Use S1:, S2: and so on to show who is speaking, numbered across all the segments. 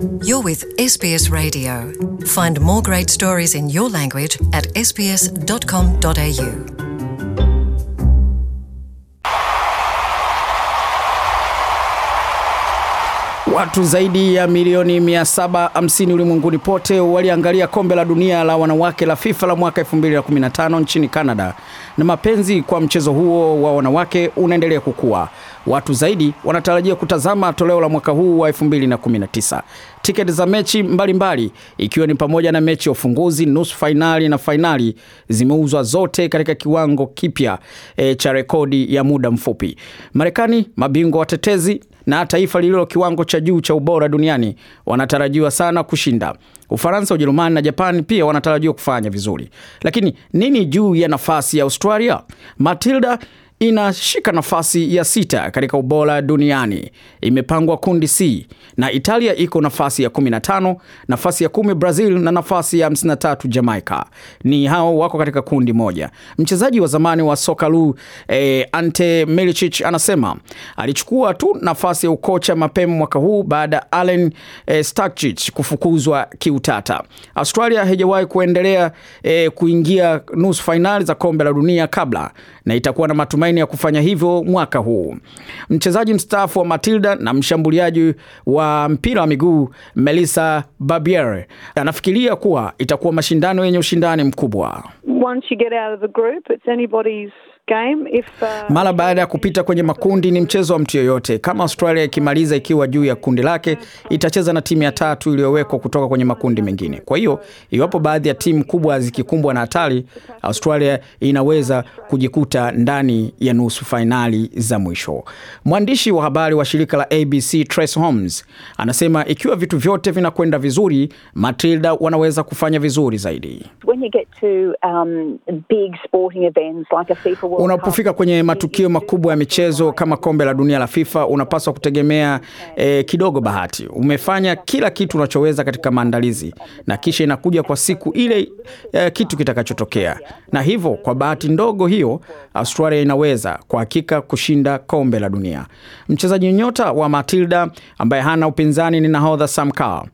S1: You're with SBS Radio. Find more great stories in your language at sbs.com.au. Watu zaidi ya milioni 750 ulimwenguni pote waliangalia kombe la dunia la wanawake la FIFA la mwaka 2015 nchini Canada, na mapenzi kwa mchezo huo wa wanawake unaendelea kukua. Watu zaidi wanatarajia kutazama toleo la mwaka huu wa 2019. Tiketi za mechi mbalimbali ikiwa ni pamoja na mechi ya ufunguzi, nusu fainali na fainali zimeuzwa zote katika kiwango kipya e, cha rekodi ya muda mfupi. Marekani, mabingwa watetezi na taifa lililo kiwango cha juu cha ubora duniani wanatarajiwa sana kushinda. Ufaransa, Ujerumani na japan pia wanatarajiwa kufanya vizuri, lakini nini juu ya nafasi ya Australia? Matilda inashika nafasi ya sita katika ubora duniani, imepangwa kundi C na Italia iko nafasi ya 15, nafasi ya 1 Brazil na nafasi ya 53 Jamaica. Ni hao wako katika kundi moja. Mchezaji wa zamani wa Sokalu eh, Ante Milicic anasema alichukua tu nafasi ya ukocha mapema mwaka huu baada ya Alen eh, Starkic kufukuzwa kiutata. Australia haijawahi kuendelea eh, kuingia nusu fainali za kombe la dunia kabla na itakuwa na matumaini deadline ya kufanya hivyo mwaka huu. Mchezaji mstaafu wa Matilda na mshambuliaji wa mpira wa miguu Melissa Barbiere anafikiria kuwa itakuwa mashindano yenye ushindani mkubwa. Once you get out of the group, it's anybody's Uh, mara baada ya kupita kwenye makundi ni mchezo wa mtu yoyote. Kama Australia ikimaliza ikiwa juu ya kundi lake, itacheza na timu ya tatu iliyowekwa kutoka kwenye makundi mengine. Kwa hiyo iwapo baadhi ya timu kubwa zikikumbwa na hatari, Australia inaweza kujikuta ndani ya nusu fainali za mwisho. Mwandishi wa habari wa shirika la ABC Trace Holmes anasema ikiwa vitu vyote vinakwenda vizuri, Matilda wanaweza kufanya vizuri zaidi. Um, Unapofika kwenye matukio makubwa ya michezo kama kombe la dunia la FIFA, unapaswa kutegemea eh, kidogo bahati. Umefanya kila kitu unachoweza katika maandalizi, na kisha inakuja kwa siku ile eh, kitu kitakachotokea. Na hivyo kwa bahati ndogo hiyo, Australia inaweza kwa hakika kushinda kombe la dunia. Mchezaji nyota wa Matilda ambaye hana upinzani ni nahodha Sam Kerr.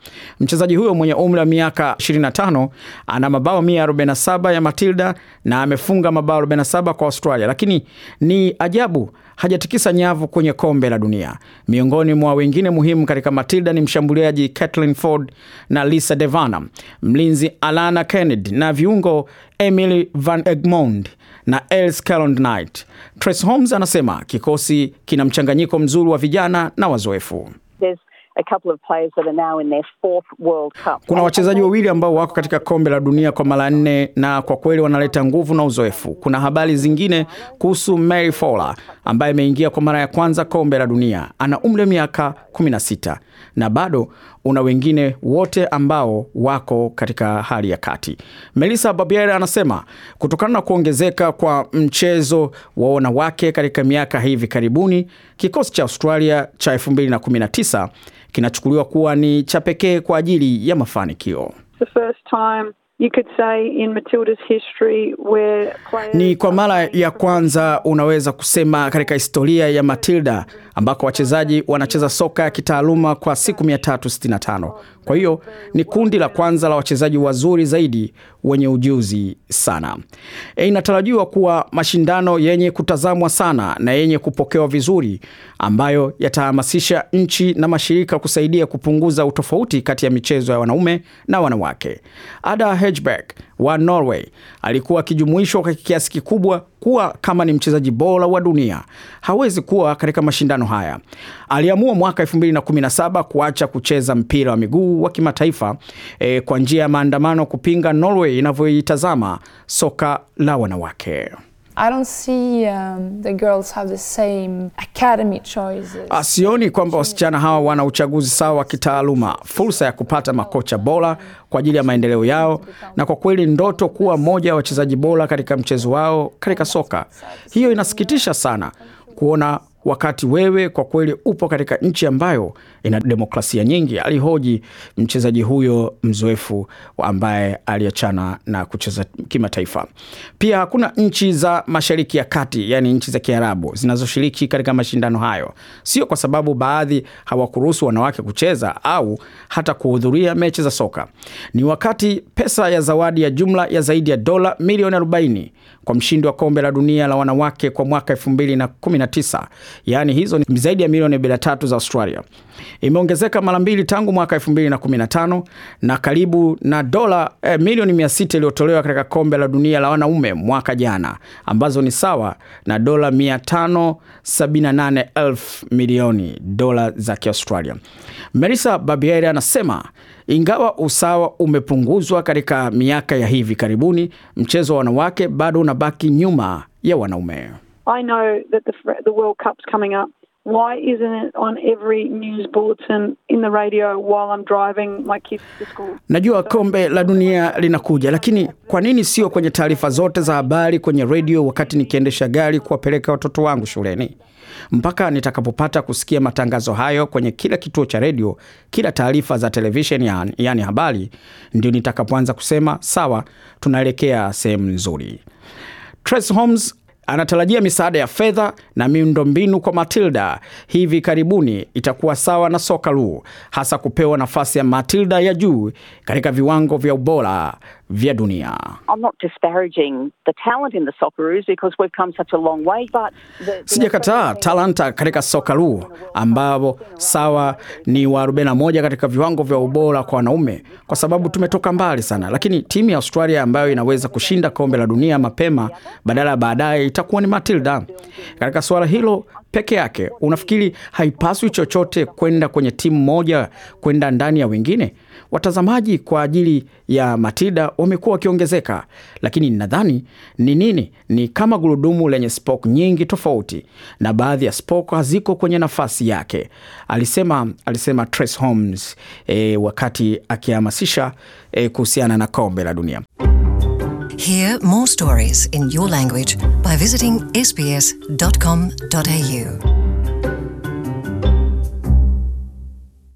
S1: Mchezaji huyo mwenye umri wa miaka 25 ana mabao 147 ya Matilda na amefunga mabao 47 kwa Australia. Australia, lakini ni ajabu hajatikisa nyavu kwenye kombe la dunia. Miongoni mwa wengine muhimu katika Matilda ni mshambuliaji Caitlin Ford na Lisa Devana, mlinzi Alana Kennedy na viungo Emily Van Egmond na Els Calond Knight. Trace Holmes anasema kikosi kina mchanganyiko mzuri wa vijana na wazoefu. There's kuna wachezaji wawili ambao wako katika kombe la dunia kwa mara nne na kwa kweli wanaleta nguvu na uzoefu. Kuna habari zingine kuhusu Mary Fowler ambaye ameingia kwa mara ya kwanza kombe la dunia, ana umri wa miaka 16 na bado una wengine wote ambao wako katika hali ya kati. Melissa Barbieri anasema kutokana na kuongezeka kwa mchezo wa wanawake katika miaka hivi karibuni, kikosi cha Australia cha 2019 kinachukuliwa kuwa ni cha pekee kwa ajili ya mafanikio. Ni kwa mara ya kwanza unaweza kusema katika historia ya Matilda ambako wachezaji wanacheza soka ya kitaaluma kwa siku 365. Kwa hiyo ni kundi la kwanza la wachezaji wazuri zaidi wenye ujuzi sana. E, inatarajiwa kuwa mashindano yenye kutazamwa sana na yenye kupokewa vizuri ambayo yatahamasisha nchi na mashirika kusaidia kupunguza utofauti kati ya michezo ya wanaume na wanawake. Ada Hedberg wa Norway alikuwa akijumuishwa kwa kiasi kikubwa kuwa kama ni mchezaji bora wa dunia, hawezi kuwa katika mashindano haya. Aliamua mwaka 2017 kuacha kucheza mpira wa miguu wa kimataifa e, kwa njia ya maandamano kupinga Norway inavyoitazama soka la wanawake. I don't see, um, the girls have the same academy choices. Asioni ah, kwamba wasichana hawa wana uchaguzi sawa wa kitaaluma, fursa ya kupata makocha bora kwa ajili ya maendeleo yao, na kwa kweli ndoto kuwa moja ya wachezaji bora katika mchezo wao katika soka. Hiyo inasikitisha sana kuona wakati wewe kwa kweli upo katika nchi ambayo ina demokrasia nyingi, alihoji mchezaji huyo mzoefu ambaye aliachana na kucheza kimataifa. Pia hakuna nchi za Mashariki ya Kati, yani nchi za Kiarabu zinazoshiriki katika mashindano hayo, sio kwa sababu baadhi hawakuruhusu wanawake kucheza au hata kuhudhuria mechi za soka. Ni wakati pesa ya zawadi ya jumla ya zaidi ya dola milioni 40 kwa mshindi wa kombe la dunia la wanawake kwa mwaka 2019 yaani hizo ni zaidi ya milioni bila tatu za Australia. Imeongezeka mara mbili tangu mwaka 2015 na karibu na dola eh, milioni 600 iliyotolewa katika kombe la dunia la wanaume mwaka jana, ambazo ni sawa na dola 578 milioni dola za Kiaustralia. Melissa Barbieri anasema ingawa usawa umepunguzwa katika miaka ya hivi karibuni, mchezo wa wanawake bado unabaki nyuma ya wanaume. I know that the, the World Cup's coming up. Why isn't it on every news bulletin in the radio while I'm driving my kids to school? Najua kombe la dunia linakuja, lakini kwa nini sio kwenye taarifa zote za habari kwenye redio wakati nikiendesha gari kuwapeleka watoto wangu shuleni? Mpaka nitakapopata kusikia matangazo hayo kwenye kila kituo cha redio, kila taarifa za televisheni, yaani, yaani habari, ndio nitakapoanza kusema sawa, tunaelekea sehemu nzuri. Trace Holmes Anatarajia misaada ya fedha na miundombinu kwa Matilda hivi karibuni itakuwa sawa na soka lu, hasa kupewa nafasi ya Matilda ya juu katika viwango vya ubora vya dunia. Sijakataa talanta katika sokalu ambapo sawa ni wa 41 katika viwango vya ubora kwa wanaume, kwa sababu tumetoka mbali sana, lakini timu ya Australia ambayo inaweza kushinda kombe la dunia mapema badala ya baadaye itakuwa ni Matilda. Katika suala hilo peke yake, unafikiri haipaswi chochote kwenda kwenye timu moja kwenda ndani ya wengine? Watazamaji kwa ajili ya Matilda wamekuwa wakiongezeka, lakini nadhani ni nini? Ni kama gurudumu lenye spoke nyingi tofauti, na baadhi ya spoke haziko kwenye nafasi yake, alisema, alisema Trace Holmes, e, wakati akihamasisha e, kuhusiana na kombe la dunia. Hear more stories in your language by visiting sbs.com.au.